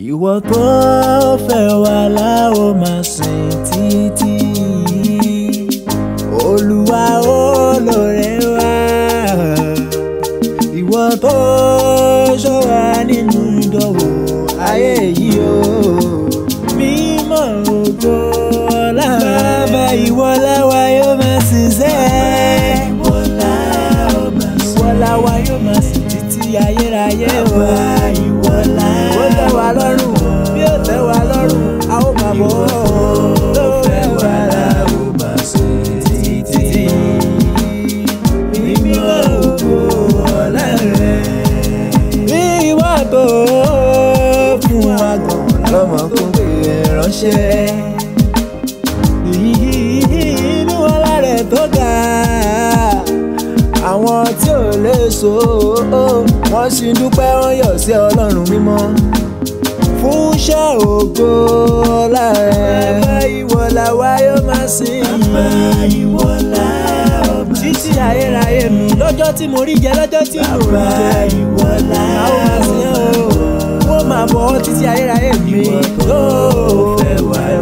ìwọ tó fẹ́ wa láwo máa sìn títí olúwa olóore wa ìwọ tó ṣọ́ wa nínú ìdánwò ayé yìí o mímọ́ ògo ọlá bàbá ìwọ láwa yóò máa sìn sẹ́ẹ̀ ìwọ láwa yóò máa sìn títí ayérayé o lọ́rùn bí ó tẹ́ wa lọ́rùn a ó máa bọ̀ ọ́ tó fẹ́ wa la ó máa ṣe títí e so wọ́n sì dúpẹ́ wọ́n yọ̀ sí ọlọ́run mímọ́ fúnṣẹ́ ògo ọlá rẹ̀. bàbá ìwọ làwa yóò máa sìn. bàbá ìwọ làwa máa sìn. títí ayérayé mi lọ́jọ́ tí mo rí jẹ lọ́jọ́ tí mo rí jẹ. bàbá ìwọ làwa máa sìn. wọ́n máa bọ̀ ọ́ títí ayérayé mi. ìwọ tó fẹ́ wá rẹ̀.